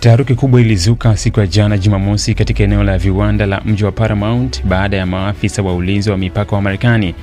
Taharuki kubwa ilizuka siku ya jana Jumamosi katika eneo la viwanda la mji wa Paramount baada ya maafisa wa ulinzi wa mipaka wa Marekani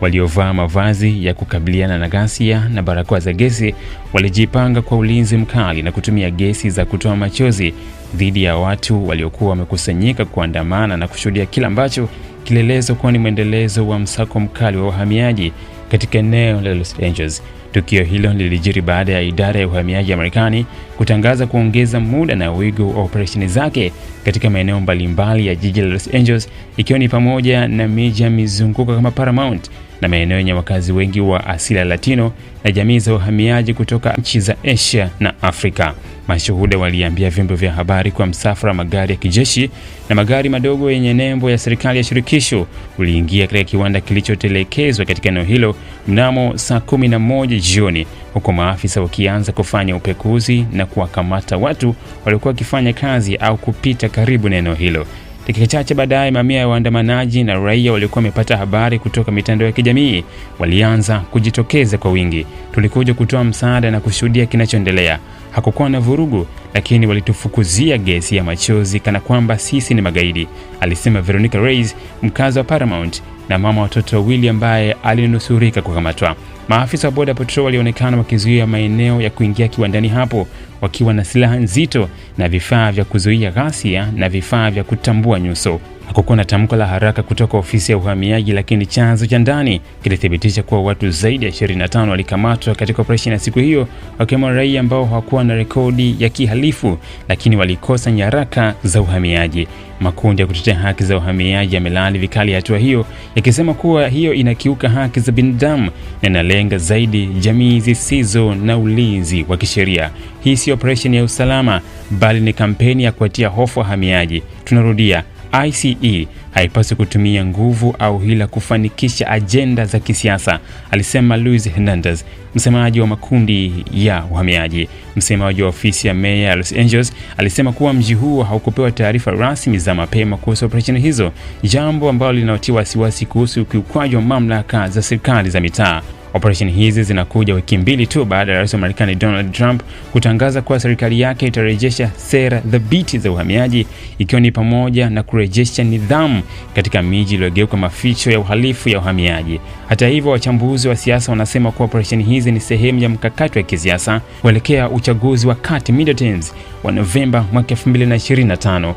waliovaa mavazi ya kukabiliana na ghasia na barakoa za gesi walijipanga kwa ulinzi mkali na kutumia gesi za kutoa machozi dhidi ya watu waliokuwa wamekusanyika kuandamana na kushuhudia kile ambacho kilielezwa kuwa ni mwendelezo wa msako mkali wa wahamiaji katika eneo la Los Angeles. Tukio hilo lilijiri baada ya idara ya uhamiaji ya Marekani kutangaza kuongeza muda na wigo wa operesheni zake katika maeneo mbalimbali ya jiji la Los Angeles, ikiwa ni pamoja na miji ya mizunguko kama Paramount na maeneo yenye wakazi wengi wa asili ya Latino na jamii za uhamiaji kutoka nchi za Asia na Afrika. Mashuhuda waliambia vyombo vya habari kwa msafara wa magari ya kijeshi na magari madogo yenye nembo ya serikali ya shirikisho uliingia katika kiwanda kilichotelekezwa katika eneo hilo mnamo saa 11 jioni, huku maafisa wakianza kufanya upekuzi na kuwakamata watu waliokuwa wakifanya kazi au kupita karibu na eneo hilo. Dakika chache baadaye, mamia ya waandamanaji na raia waliokuwa wamepata habari kutoka mitandao ya kijamii walianza kujitokeza kwa wingi. Tulikuja kutoa msaada na kushuhudia kinachoendelea hakukuwa na vurugu, lakini walitufukuzia gesi ya machozi kana kwamba sisi ni magaidi, alisema Veronica Reyes, mkazi wa Paramount na mama watoto wawili ambaye alinusurika kukamatwa. Maafisa wa boda Patrol walionekana wakizuia maeneo ya kuingia kiwandani hapo wakiwa na silaha nzito na vifaa vya kuzuia ghasia na vifaa vya kutambua nyuso. Hakukuwa na tamko la haraka kutoka ofisi ya uhamiaji, lakini chanzo cha ndani kilithibitisha kuwa watu zaidi ya 25 walikamatwa katika operesheni ya siku hiyo, wakiwemo raia ambao hawakuwa na rekodi ya kihalifu, lakini walikosa nyaraka za uhamiaji. Makundi ya kutetea haki za uhamiaji yamelaani vikali hatua hiyo, yakisema kuwa hiyo inakiuka haki za binadamu na inalenga zaidi jamii zisizo na ulinzi wa kisheria. Hii si operesheni ya usalama, bali ni kampeni ya kuatia hofu wahamiaji. Tunarudia, ICE haipaswi kutumia nguvu au hila kufanikisha ajenda za kisiasa, alisema Luis Hernandez, msemaji wa makundi ya uhamiaji. Msemaji wa ofisi ya meya ya Los Angeles alisema kuwa mji huo haukupewa taarifa rasmi za mapema kuhusu operesheni hizo, jambo ambalo linaotia wasiwasi kuhusu ukiukwaji wa mamlaka za serikali za mitaa. Operesheni hizi zinakuja wiki mbili tu baada ya rais wa Marekani Donald Trump kutangaza kuwa serikali yake itarejesha sera thabiti za uhamiaji, ikiwa ni pamoja na kurejesha nidhamu katika miji iliyogeuka maficho ya uhalifu ya uhamiaji. Hata hivyo, wachambuzi wa siasa wanasema kuwa operesheni hizi ni sehemu ya mkakati wa kisiasa kuelekea uchaguzi wa kati midterms wa Novemba mwaka 2025.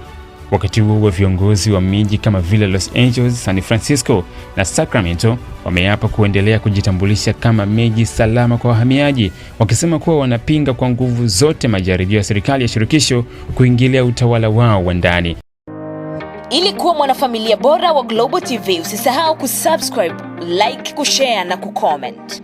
Wakati huo huo, viongozi wa miji kama vile Los Angeles, San Francisco na Sacramento wameapa kuendelea kujitambulisha kama miji salama kwa wahamiaji, wakisema kuwa wanapinga kwa nguvu zote majaribio ya serikali ya shirikisho kuingilia utawala wao wa ndani. Ili kuwa mwanafamilia bora wa Global TV, usisahau kusubscribe, like, kushare na kucomment.